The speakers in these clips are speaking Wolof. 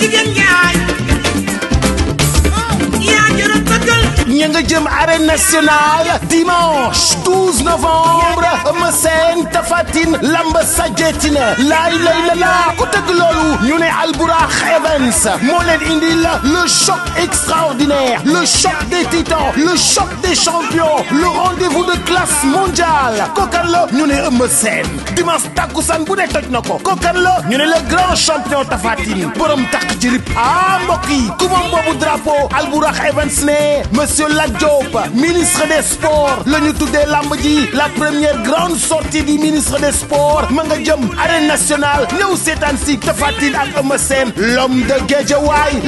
jigéen ñaay nga jëm arène nationale dimanche novembre Eumeu Sène Tapha Tine lamba sajetina laay lay la laa ko tëgg loolu ñu ne Albourakh le choc extraordinaire le choc des titans le choc des champions le rendez-vous de classe mondiale kookan la ñu ne dimanche takkusaan bu toj na ko kookan la ñu ne le grand champion Tapha Tine borom takk ci rip ah mbokk yi drapeau Albourakh Events ne monsieur Abdoulaye Diop ministre des sports la ñu tuddee lamb ji la première grande sortie du ministre des sports ma nga jëm arène nationale ñëw seetaan si Tapha ak Eumeu Sène l'homme de Guédiawaye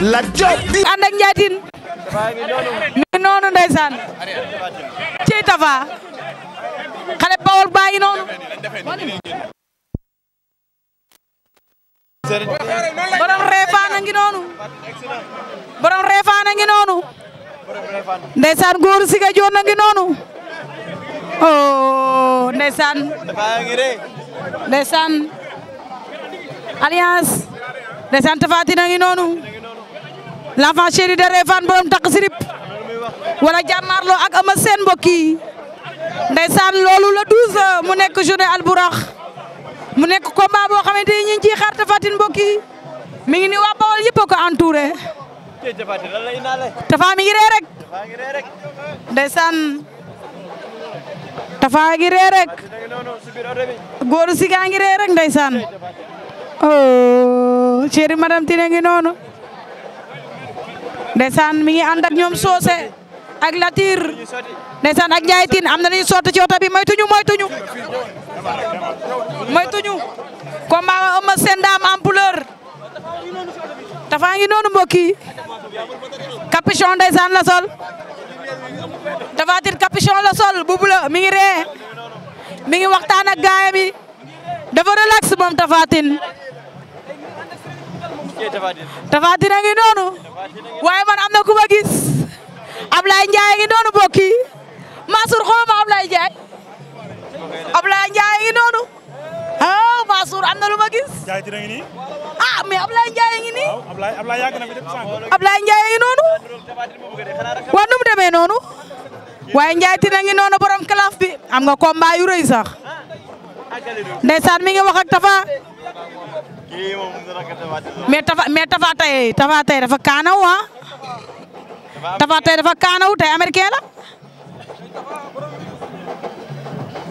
la Diop di ànd ak Ndiaye noonu ndeysaan ci Tapha xale Bawol baa ngi noonu noonu ndeysaan góor si nga joon na ngi noonu oh ndeysaan ndeysaan alliance ndeysaan Tapha Tine a ngi noonu l'enfant chéri de Réfane borom takk sirip wala jàmmaarloo ak ama seen mbokk yi ndeysaan loolu la 12 mu nekk journée alburax mu nekk combat boo xamante ni ñu ngi ciy xaar Tapha Tine mbokk yi mi ngi Tafa mi ngi ree rek. ndeysaan. Tafa ngi ree rek. góoru si gaa ngi ree rek ndeysaan. oh chéri madame noonu. ndeysaan mi ngi ànd ak ñoom soose ak latir ndeysaan ak Njaay Tine am na ñuy sotti ci oto bi moytuñu moytuñu moytuñu combat Eumeu Sène am ampleur Tapha noonu mbokk capuchon ndeysaan la sol Tapha Tine capuchon la sol mi ngi mi ngi waxtaan ak gaayam yi dafa relax moom Tapha Tine Tapha man am na ku ma gis Ablaye Ndiaye a ngi noonu mbokk yi Mansour xoolal ma Ablaye Ndiaye Ablaye Ndiaye ah mais Ablaye ngi nii. waaw Ablaye ngi noonu. waaw nu demee noonu. waaye Ndiaye Tine ngi noonu borom kalaaf bi am nga combat yu rëy sax. ndeysaan mi ngi wax ak Tafa. mais Tafa mais Tafa tey Tafa tey dafa kaanaw ah. Tafa tey dafa kaanaw tey américain la.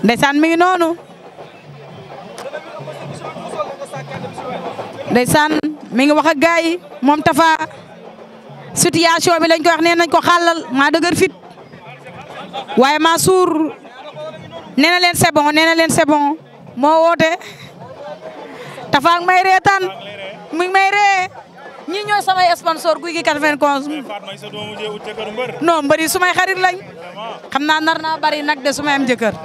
ndeysaan mi ngi noonu. ndeysaan mi ngi wax ak gars yi moom Tafa situation bi lañ ko wax nee nañ ko xàllal ma dëgër fit waaye Mansour nee na leen c'est bon na leen c'est moo woote Tafa ak may reetaan mu ngi may ree ñi ñooy samay sponsor guy gi 91 non mbëri sumay xarit lañ xam naa nar naa bari nag de sumay am jëkkër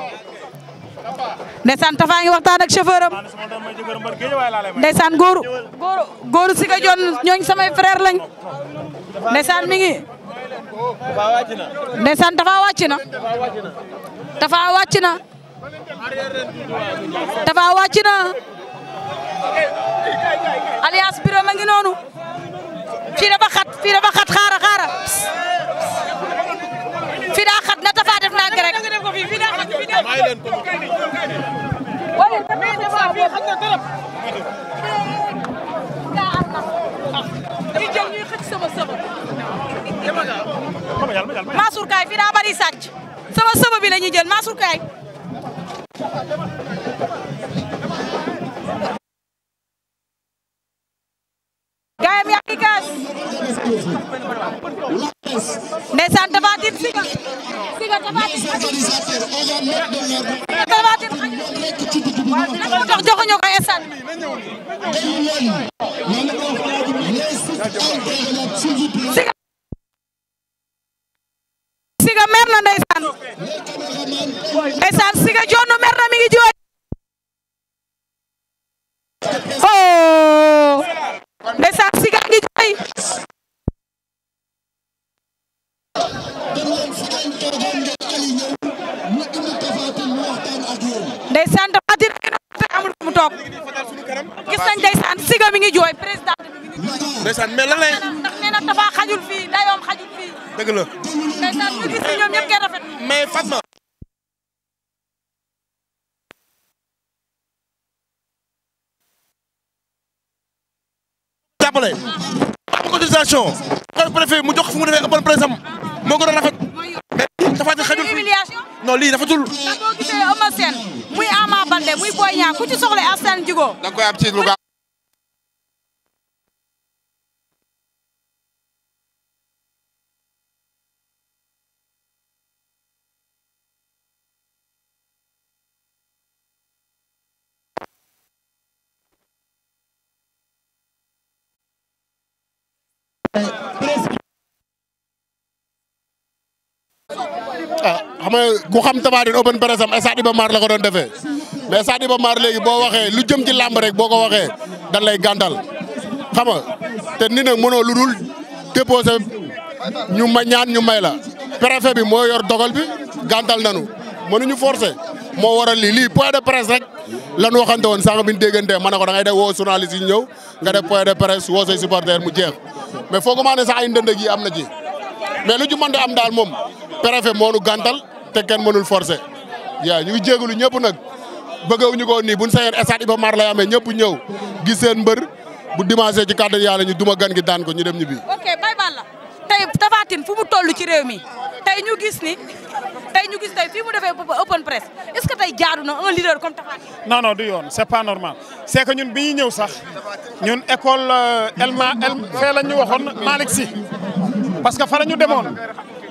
ndeysaan Tapha ngi waxtaan ak chauffeur am ndeysaan góoru góoru góoru si samay frère lañ ndeysaan mi ngi ndeysaan Tapha wàcc na Tapha wàcc alias biro noonu fii dafa xat xat xaara xaara fii daa xat na Tapha def naa Mansour Kaye fii bari sàcc sama sëba bi la jël Mansour Kaye na ndeysaan ndeysaan Siga Joon mer na mi ngi jooy oh ndeysaan Siga mi ngi jooy président ndeysaan mais lan nee na Tapha xajul fii dayoom xajul fii ndeysaan ñu gis ñoom ñëpp mais Fatma jàppale am mu jox fu mu defee a bon présam gën a rafet mais dafa xajul non lii rafetul ndax boo gisee Eumeu Sène xam nga ku xam Tafaatine open press am stade Iba Mar la ko doon defee mais stade Iba Mar léegi boo waxee lu jëm ci làmb rek boo ko waxee da lay gantal xam nga te ni nag mënoo lu dul déposé ñu ma ñaan ñu may la préfet bi moo yor dogal bi gàntal nanu ñu forcé moo waral lii lii point de presse rek lan waxante woon sànq bi ñu déggantee ma ne ko da ngay def woo journaliste yi ñëw nga def point de presse woo supporter mu jeex mais fooguma ne sax ay ndënd gi am na ci mën di am daal moom préfet moo nu te kenn mënul forcer yaa ñu ngi jégalu ñëpp nag bëggawuñu ko nii buñ sañoon stade Iba Mar lay amee ñëpp ñëw gis seen mbër bu dimanche ci kàddu yàlla ñu duma gan gi daan ko ñu dem ñibbi. ok bay Balla tey Tapha fu mu toll ci réew mi tey ñu gis ni tey ñu gis tey fii mu defee open press est que tey jaadu na un leader comme Tapha Tine. non du yoon c'est pas normal c'est que ñun bi ñuy ñëw sax ñun école euh, Elma El fee la ñu waxoon parce que fa ñu demoon.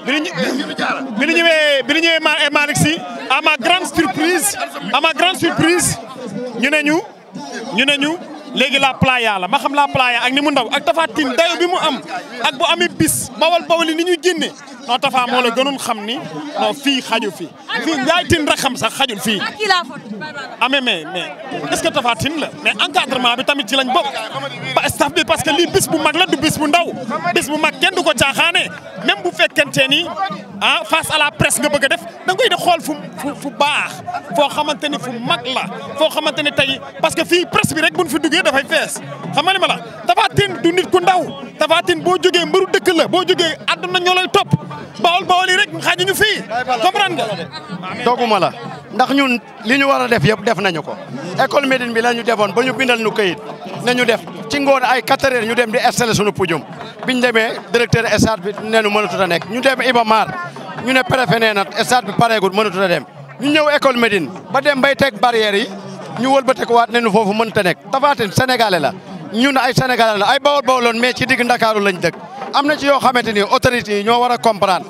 bi ñu bi ñu ñëwee bi ñu ñëwee Malick Sy à ma grande surprise à ma grande surprise ñu ne ñu ñu ne ñu léegi la playa la ma xam la playa ak ni mu ndaw ak Tapha Tine dayo bi mu am ak bu am bis bawal bawal ni ñu génne non Tafa moo la gënoon xam ni non fii xaju fi fii Ndiaye Tine rek xam sax xajul fii. amee ah, mais mais est-ce que Tafa Tine la mais encadrement bi tamit ci lañ bokk. ba staff bi parce que lii bis bu mag la du bis bu ndaw bis bu mag kenn du ko caaxaane même bu fekkente ni ah face à la presse nga bëgg a def da koy di xool fu fu baax foo xamante ni fu mag la foo xamante ni tey parce que fii presse bi rek bu fi duggee dafay fees xam nga ma la Tafa Tine du nit ku ndaw Tafa Tine boo jógee mbëru dëkk la boo jógee àdduna ñoo lay topp. bawol bawol yi rek xajuñu fii comprendre nga dooguma la ndax ñun li ñu war a def yëpp def nañu ko école médine bi la ñu defoon ba ñu bindal ñu këyit nañu def ci ngoon ay 4 heures ñu dem di installé suñu pujum biñ demee directeur stade bi nee nu mënatut a nekk ñu dem Iba Mar ñu ne préfet nee na stade bi pareegul mënatut a dem ñu ñëw école médine ba dem bay teg barrières yi ñu wëlbatiku waat ne nu foofu mënut a nekk Tapha Tine ñu la ay sénégalais la ay bawol bawoloon mais ci digg ndakaaru lañ dëkk am na ci yoo xamante ni autorités yi ñoo war a comprendre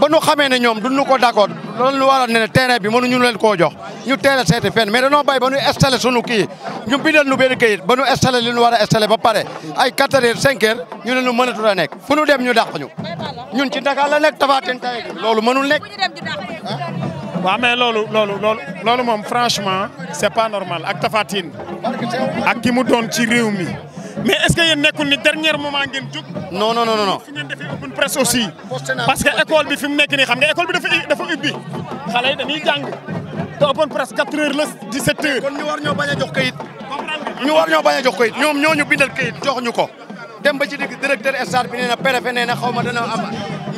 ba nu xamee ne ñoom duñu ko d'accord loolu lu waroon ne terrain bi mënuñu leen koo jox ñu teel a seeti fenn mais danoo bay ba nu installé sunu kii ñu bindal nu benn kayit ba nu installé li ñu war a installé ba pare ay 4 heures 5 heures ñu ne ñu mënatu la nekk fu nu dem ñu dàq ñu ñun ci Dakar la nekk tafaatin tay loolu mënul nekk. waaw mais loolu loolu loolu loolu moom franchement c'est pas normal ak Tapha Tine ak ki mu doon ci réew mi. mais est-ce que yéen nekkul ni dernier moment ngeen jug. non non non non. fi ngeen defee open presse aussi. parce que école bi fi mu nekk nii xam nga école bi dafa dafa ubbi. xale yi dañuy jàng te open presse 4 heures la 17 heures. kon ñu war ñoo bañ a jox kayit. ñu war ñoo bañ a jox kayit ñoom ñoo ñu bindal kayit jox ñu ko. dem ba ci digg directeur stade bi nee na préfet nee na xaw ma dana am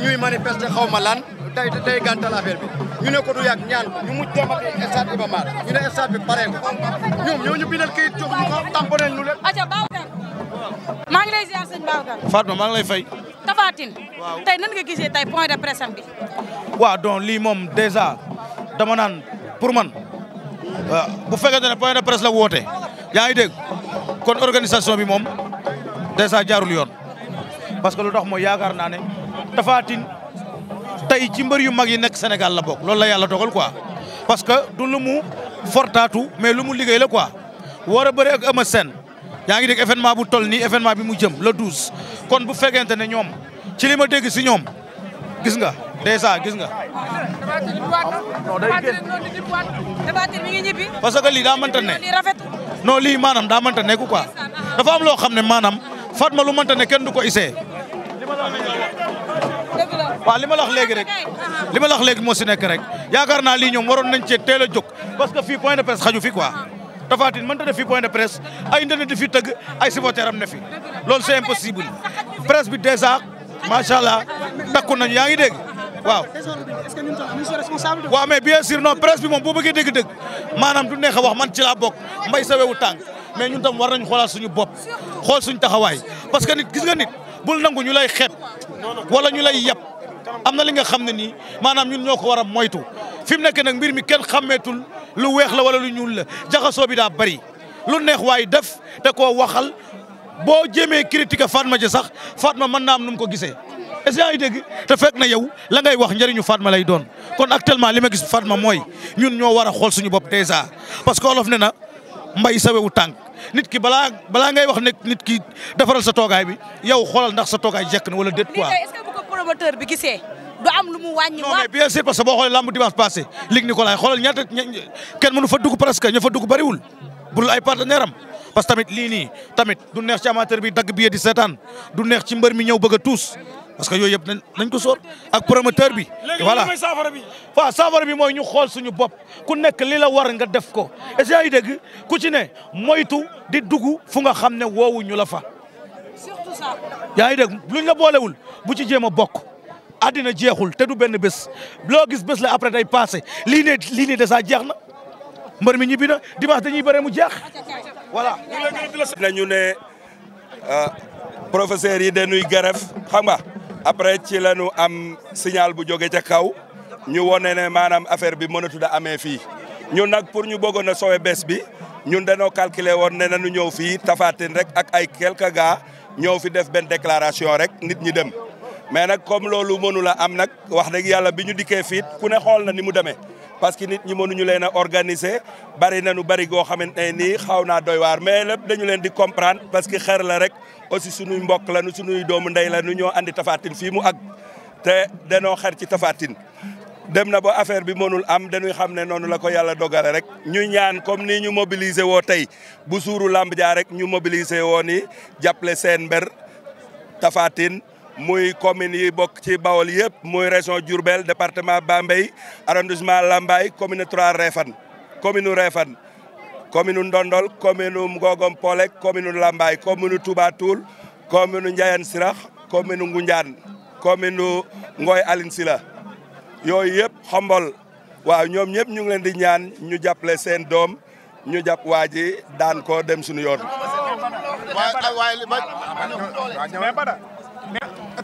ñuy manifester xaw ma lan tey tey gàntal affaire bi ñu ne ko du yàgg ñaan ko ñu mujj demati stade Iba Mar ñu ne stade bi pare ko ñoom ñoo ñu bindal kayit jox ñu ko tamponel ñu leen. maa ngi lay ziar sëñ maa ngi fay. Tapha Tine. waaw tey nan nga gisee tey point de presse am bi. waaw lii moom dèjà dama naan pour man euh, bu fekkente ne point de presse la woote yaa ngi dégg kon organisation bi moom dèjà jaarul yoon parce que lu tax mooy yaakaar naa ne Tapha Tine tey ci mbër yu mag yi nekk Sénégal la bokk loolu la yàlla dogal quoi parce que du lu mu fortaatu mais lu mu liggéey la quoi war a bëri ak Eumeu yaa ngi dégg événement bu toll nii événement bi mu jëm le 12 kon bu fekkente ne ñoom ci li ma dégg si ñoom gis nga dèjà gis nga. parce que lii daa mënta ne. non lii maanaam daa mënta nekk quoi dafa am loo xam ne maanaam ma lu mënta ne kenn du ko isee. waaw li ma la léegi rek li ma la wax léegi si nekk rek yaakaar naa lii ñoom waroon nañ cee teel a jóg parce que fii point de presse xaju fi quoi. Tapha Tine mënta def fi point de presse ay internet di fi tëgg ay supporters am ne fi loolu c'est impossible presse bi déjà macha allah takku nañu yaa ngi dégg waaw. waaw mais bien sûr non presse bi moom boo bëggee dégg-dégg maanaam du neex a wax man ci laa bokk mbay sa wu tànk mais ñun tam war nañ xoolaat suñu bopp xool suñu taxawaay parce que nit gis nga nit bul nangu ñu lay xeeb wala ñu lay yab am na li nga xam ne nii maanaam ñun ñoo ko war a moytu. fi mu nag mbir mi kenn xàmmeetul lu weex la wala lu ñuul la jaxasoo bi daa bari lu neex waay def te koo waxal boo jéemee critique Fatma ci sax Fatma mën naa am nu mu ko gisee. est-ce que ngi dégg te fekk na yow la ngay wax njëriñu Fatma lay doon kon actuellement li ma gis Fatma mooy ñun ñoo war a xool suñu bopp déjà parce que olof ne na mbay sawewu tànk nit ki balaa balaa ngay wax ne nit ki defaral sa toogaay bi yow xoolal ndax sa toogaay jekk na wala déet quoi. du am lu mu wàññi. non mais bien sûr parce que boo xoolee lamb dimanche passé Ligue Nicolas xoolal ñaata kenn mënu fa dugg presque ña fa dugg bariwul bul ay partenaire parce que tamit lii nii tamit du neex ci amateur bi dagg billet di seetaan du neex ci mbër mi ñëw bëgg a tuus parce que yooyu yëpp nañ ko sóor ak promoteur bi. voilà léegi saafara bi. waaw saafara bi mooy ñu xool suñu bopp ku nekk li la war nga def ko est-ce que yaa ngi dégg ku ci ne moytu di dugg fu nga xam ne woowu la fa. yaa ngi dégg luñ la boolewul bu ci jéem bokk. àddina jeexul te du benn bés loo gis bés la après day passé lii ne lii ne dèjà jeex na mbër mi ñibbi na dimanche dañuy bëre mu jeex voilà. nañu ne euh, professeur yi dañuy nuy xam nga après ci la am signal bu jóge ca kaw ñu wone ne maanaam affaire bi mënatu da amee fii ñun nag pour ñu bëggoon a sowe bés bi ñun dañoo calculer woon ne nu ñëw fii Tapha rek ak ay quelques gars ñëw fi def benn déclaration rek nit ñi dem. mais nag comme loolu mënula la am nag wax dëgg yàlla bi ñu dikkee fiit ku ne xool na ni mu demee parce que nit ñi mënuñu leen a organiser bari na nu bari goo xamante ne nii xaw naa doy waar mais lépp dañu leen di comprendre parce que xer la rek aussi suñuy mbokk la nu suñuy doomu ndey la nu ñoo andi tafaatin fii mu ag te danoo xer ci tafaatin dem na ba affaire bi mënul am dañuy xam ne noonu la ko yàlla dogale rek ñu ñaan comme ni ñu mobiliser woo tey bu suuru làmb jaa rek ñu mobiliser woo ni jàppale seen mber muy communes yi bokk ci Bawol yëpp muy région Diourbel département Bambey arrondissement Lambaye commune trois Réfane commune Réfane commune Ndondol commune Ngogom Polek commune Lambaye commune Touba Toul commune Ndiayane Sirax commune Ngoundiane commune Ngoy Aline Sila yooyu yëpp xombol waaw ñoom ñëpp ñu ngi leen di ñaan ñu jàppale seen doom ñu jàpp waa ji daan ko dem suñu yoon.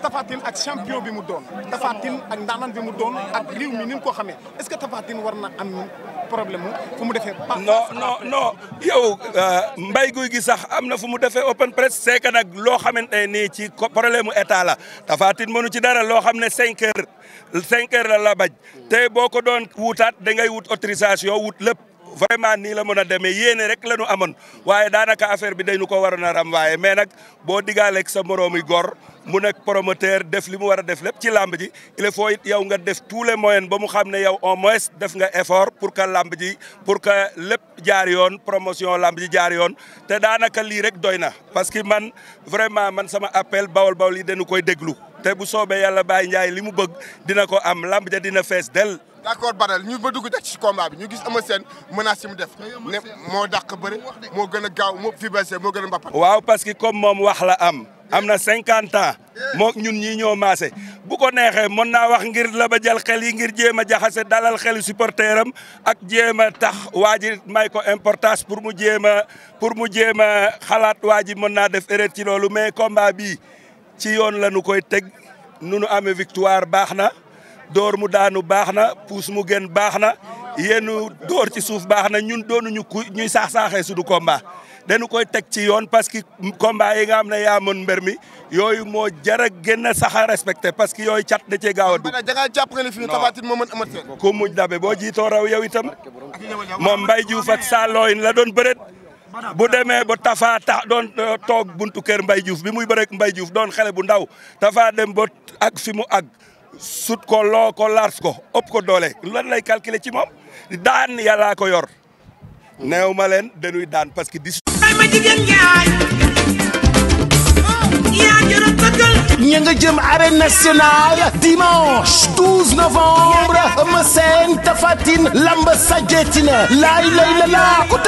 Tapha Tine ak champion bi mu doon Tapha Tine ak ndaanaan bi mu doon ak réew mi ni mu ko xamee est-ce que Tapha Tine war na am problème mu fu mu defee. non non non yow euh, mbay guy gi sax am na fu mu defee open press c'est que nag loo xamante nii ci problème mu état la Tapha Tine mënu ci dara loo xam ne cinq heures cinq heures la la te boo ko doon wutaat da ngay wut autorisation wut lépp. vraiment nii la mën a demee yéene rek la ñu amoon waaye daanaka affaire bi day nu ko waroon a ram waaye mais nag boo diggaaleeg sa moroomi góor mu nekk promoteur def li mu war a def lépp ci làmb ji il faut it yow nga def tous les moyens ba mu xam ne yow au mois def nga effort pour que lamb ji pour que lépp jaar yoon promotion lamb ji jaar yoon te daanaka lii rek doy na parce que man vraiment man sama appel bawol bawol yi dañu koy déglu te bu soobee yàlla Baye Ndiaye li mu bëgg dina ko am làmb ja dina fees del d' accord Badal ñu ba dugg ci combat bi ñu gis Eumeu Sène menace yi mu def ne moo dàq bëri moo gën a gaaw moo fi baissé moo gën a mbappat waaw parce que comme moom wax la am am na cinquante ans moo ñun ñii ñoo maase bu ko neexee mën naa wax ngir la ba xel yi ngir jéem a jaxase dalal xelu supporter am ak jéem a tax waa ji may ko importance pour mu jéem a pour mu jéem a xalaat waa ji mën naa def erreur ci loolu mais combat bii ci yoon la nu koy teg nu nu amee victoire baax na door mu daanu baax na puus mu gën baax na yéenu door ci suuf baax na ñun doonuñu ku ñuy saax-saaxee suñu combat dañu koy teg ci yoon parce que combat yi nga xam ne yaa mën mbër mi yooyu moo jar a gën a sax parce que yooyu cat da cee gaaw a dugg. da ngaa jàpp ne fii Tapha Tine moo mën amat seen. ku mujj dabe boo jiitoo raw yow itam moom Mbaye Diouf ak Saloyne la doon bëreet. bu demee ba Tafa tax doon euh, toog buntu kër Mbaye Diouf bi muy bëreeg Mbaye Diouf doon xale bu ndaw Tafa dem ba ak fi mu ak sut ko loo ko lars ko ëpp ko doole lan lay calculer ci moom daan yàllaa ko yor. neew ma leen dañuy daan parce que. Oh, ña nga jëm arène nationale dimanche 12 novembre Eumeu Sène Tapha Tine lamb sajetina laay lay la laa ku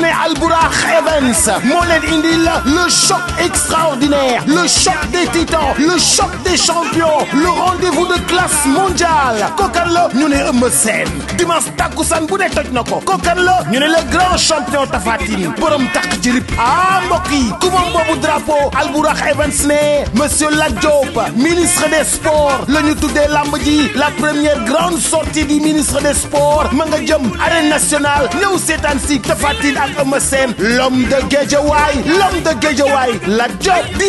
ne Albourakh Events moo leen le choc extraordinaire le choc des titans le choc des champions le rendez-vous de classe mondiale kokan la ñu ne le grand champion Tapha Tine borom jirib ah mbokk yi ku moom drapeau Albourakh Events ne monsieur Lat ministre des sports sport la ñu tuddee lamb ji la première grande sortie du ministre des sports ma nga jëm arène nationale ñëw seetaan si Tapha Tine ak Eumeu Sène l'homme de Guédiawaye l'homme de Guédiawaye la job